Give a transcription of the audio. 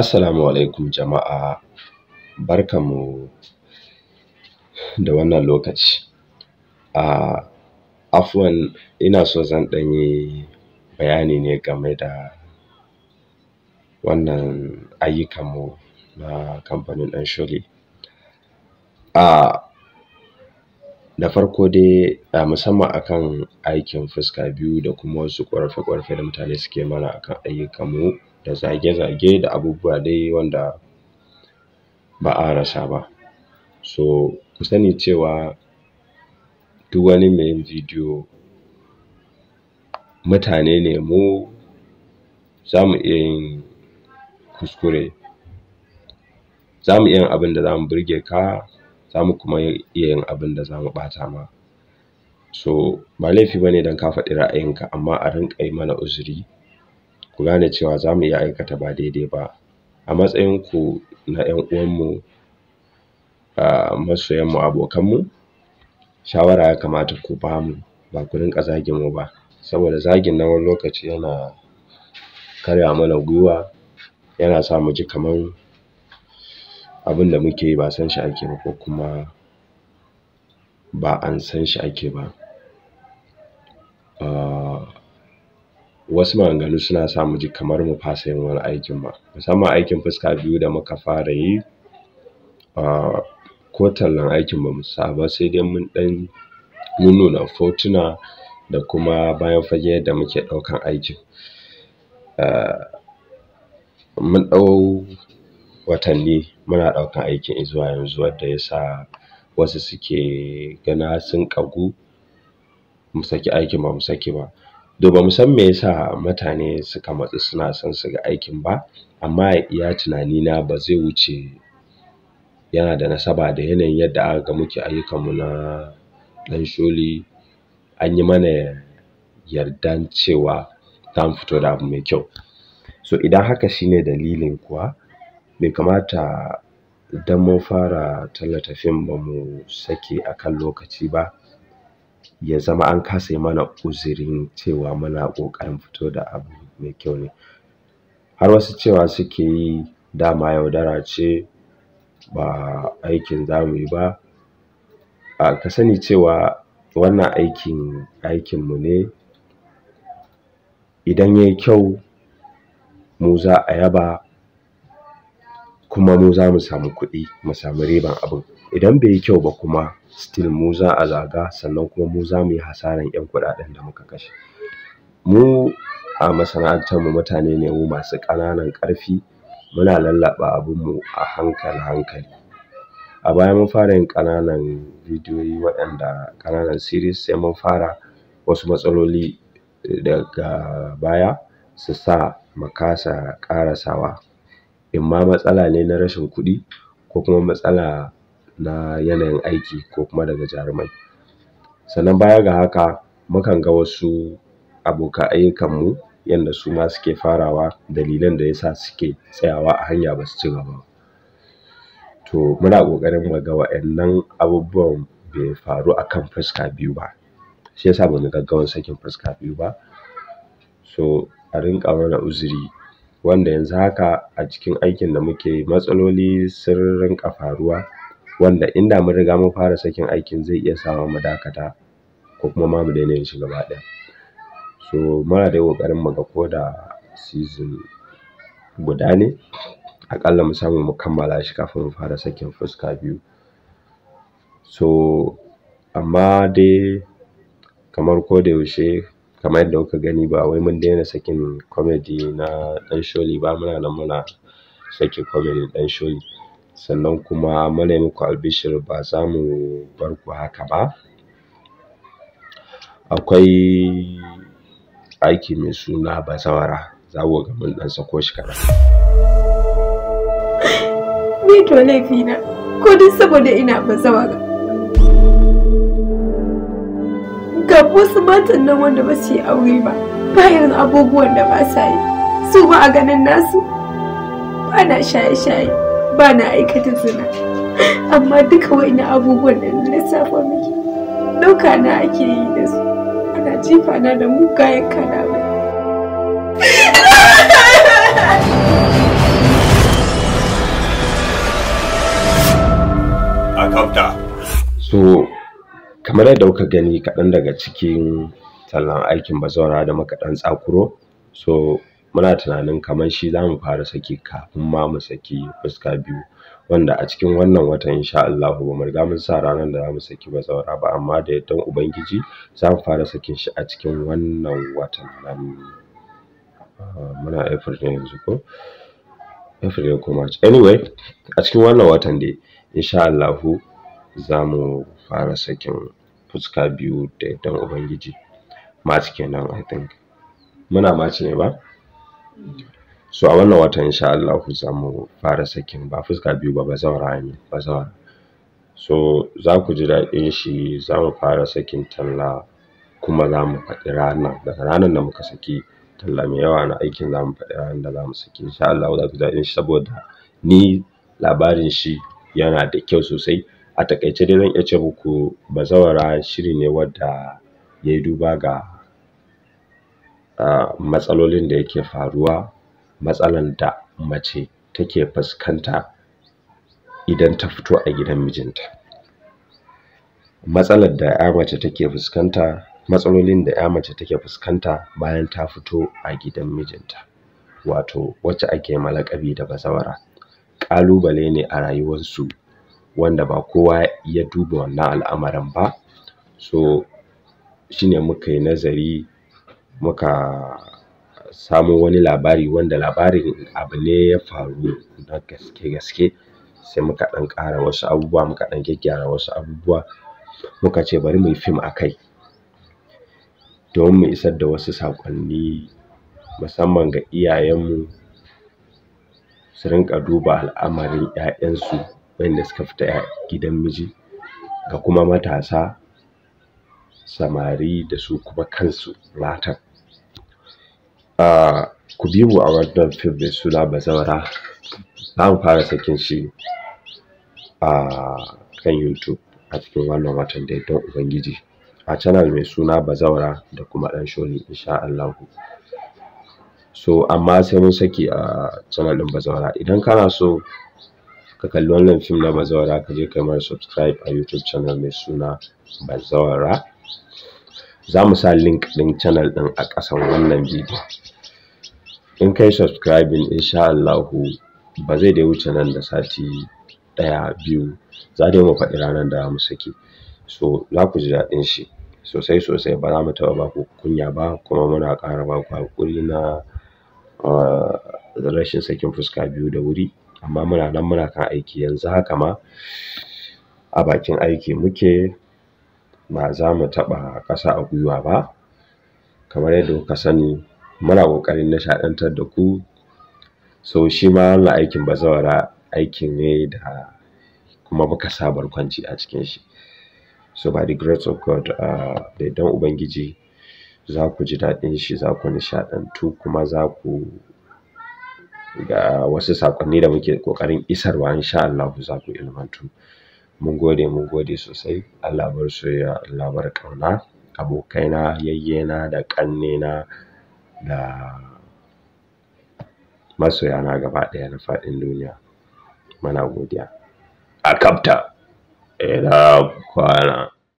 Assalamu alaikum jama'a barkanmu da wannan lokaci a afwan ina so zan ɗan bayani ne game da wannan ayyukanmu na kamfanin ɗan sholi a da farko dai musamman akan aikin fuska biyu da kuma wasu ƙwarfe-ƙwarfe da mutane suke mana akan ayyukanmu da zage-zage da abubuwa dai wanda a rasa ba so ku sani cewa duk wani mai yin bidiyo mutane ne mu zamu iya yin kuskure zamu iya yin abinda zamu burge ka zamu kuma iya yin abinda zamu ɓata ma so ba laifi ne dan ka faɗi ra'ayinka amma a rinƙa yi mana uzuri ku gane cewa za mu iya aikata ba daidai ba a matsayin ku na ƴan uwanmu a masoyan mu abokan shawara ya kamata ku bamu ba ku rinƙa zagin mu ba saboda zagin na wani lokaci yana karya mana gwiwa yana sa mu ji kamar abin da muke yi ba san shi ake ba ko kuma ba an san shi ake ba wasu maganganu suna sa mu ji kamar mu fasa yin wani aikin ma musamman aikin fuska biyu da muka fara yi a ko tallan aikin bamu sa ba sai dai mun ɗan nunnuna fotuna da kuma bayan fage yadda muke ɗaukan aikin a mun ɗau watanni muna ɗaukan aikin izuwa yanzu wadda yasa wasu suke gani har sun ƙagu mu saki aikin mu saki ba Duba mu san me yasa mutane suka matsu suna son su ga aikin ba amma ya iya tunani na ba zai wuce yana da nasaba da yanayin yadda aka ga muke ayyukan mu na ɗan sholi an yi mana yardan cewa zamu fito da abu mai kyau so idan haka shine dalilin kuwa bai kamata idan mun fara tallata fim bamu sake akan lokaci ba ya zama an kasa yi mana uzurin cewa muna ƙoƙarin fito da abu mai kyau ne har wasu cewa suke yi dama yaudara ce ba aikin za mu yi ba a ka sani cewa wannan aikin aikin mu ne idan yayi kyau mu za a yaba kuma mu za mu samu kuɗi mu samu riban abun idan bai yi kyau ba kuma still mu a zaga sannan kuma mu zamu yi hasaran ƴan kuɗaɗen da muka kashe mu a masana'antar mu mutane ne mu masu ƙananan ƙarfi muna lallaɓa abun mu a hankali hankali a baya mun fara yin ƙananan bidiyoyi waɗanda ƙananan series sai mun fara wasu matsaloli daga baya su sa mu kasa ƙarasawa in ma matsala ne na rashin kuɗi ko kuma matsala na yanayin aiki ko kuma daga jarumai sannan baya ga haka mukan ga wasu abokan mu yanda suma suke farawa dalilan da yasa suke tsayawa a hanya basu su ci gaba ba to muna ƙoƙarin mu ga abubuwan bai faru akan fuska biyu ba shi ya sa ba mu gaggawan sakin fuska biyu ba so a rinƙa mana uzuri wanda yanzu haka a cikin aikin da muke matsaloli sun rinƙa faruwa wanda inda mun riga mun fara sakin aikin zai iya sawa mu dakata ko kuma ma mu daina yin shi gaba ɗaya so muna dai ƙoƙarin mu ga ko da season guda ne aƙalla mu samu mu kammala shi kafin mu fara sakin fuska biyu so amma dai kamar ko da yaushe kamar yadda kuka gani ba wai mun daina sakin comedy na ɗan sholi ba muna nan muna sakin comedy ɗan sholi sannan kuma muna muku albishir ba za mu bar ku haka ba akwai aiki mai suna bazawara za ku ga mun dan sako shi kaɗan. Ni to laifina ko duk saboda ina bazawara. Ga wasu matan nan wanda ba su yi aure ba bayan abubuwan da ba sa yi su ba a ganin nasu ba na shaye-shaye. ba na aikata zina amma duka wani abubuwan da na lissafa miki ɗauka na ake yi da su ana jifa na da mugayen kalamai ba Akauta. so kamar yadda kuka gani kaɗan daga cikin tallan aikin bazawara da muka ɗan tsakuro so muna tunanin kaman shi zamu fara saki kafin ma mu saki fuska biyu wanda a cikin wannan watan insha Allahu bamu riga mun sa ranar da zamu saki bazawara ba amma da yardan ubangiji zamu fara sakin shi a cikin wannan watan nan ah, muna April ne yanzu ko April ne ko March anyway a cikin wannan watan dai insha Allahu zamu fara sakin fuska biyu da yardan ubangiji March kenan I think muna March ne ba so a wannan watan insha Allahu mu fara sakin ba fuska biyu ba bazawara ne bazawara so ku ji daɗin shi za mu fara sakin talla kuma za mu faɗi ranar daga ranar da muka saki talla mai yawa na aikin za mu faɗi ranar da za mu saki insha Allahu ku ji daɗin shi saboda ni labarin shi yana da kyau sosai a taƙaice dai zan iya ce muku bazawara shiri ne wanda yi duba ga matsalolin da yake faruwa matsalan da mace take fuskanta idan ta fito a gidan mijinta matsalar da ƴa mace take fuskanta matsalolin da ƴa mace take fuskanta bayan ta fito a gidan mijinta wato wacce ake ma laƙabi da bazawara ƙalubale ne a rayuwarsu wanda ba kowa ya duba wannan al'amarin ba so shine ne muka yi nazari muka samo wani labari wanda labarin abu ne ya faru na gaske gaske sai muka ɗan ƙara wasu abubuwa muka ɗan gyaggyara wasu abubuwa muka ce bari muyi fim a kai. domin mu isar da wasu saƙonni musamman ga iyayenmu su rinƙa duba al'amarin ƴaƴan su waƴanda suka fita gidan miji ga kuma matasa samari da su kuma kansu matan ku bi mu a wannan fim mai suna bazawara za mu fara sakin shi a kan youtube a cikin wannan watan da don ubangiji a canal mai suna bazawara da kuma ɗan sholi insha so amma sai mun saki a canal ɗin bazawara idan kana so ka kalli wannan fim na bazawara ka je kai mara subscribe a youtube channel mai suna bazawara za mu sa link ɗin channel ɗin a ƙasan wannan bidiyo in kai subscribing insha Allahu ba zai dai wuce nan da sati ɗaya biyu za dai mu faɗi ranar da mu saki so za ku ji daɗin shi sosai sosai ba za mu taɓa ba ku kunya ba kuma muna ƙara ba ku haƙuri na ah, rashin sakin fuska biyu da wuri amma muna nan muna kan aiki yanzu haka ma a bakin aiki muke ba za mu taɓa ƙasa a gwiwa ba kamar yadda kuka sani muna ƙoƙarin nishaɗantar da ku so shi ma wannan aikin bazawara aiki ne da kuma muka sa barkwanci a cikin shi so by the grace of God uh, da idan Ubangiji za ku ji daɗin shi za ku nishaɗantu kuma za ku ga wasu saƙonni da muke ƙoƙarin isarwa insha Allah za ku ilmantu mun gode mun gode sosai Allah bar soyayya Allah bar ƙauna abokaina yayyena da ƙannena da masoya na gaba ɗaya na faɗin duniya mana godiya a kabta ina eh, kwana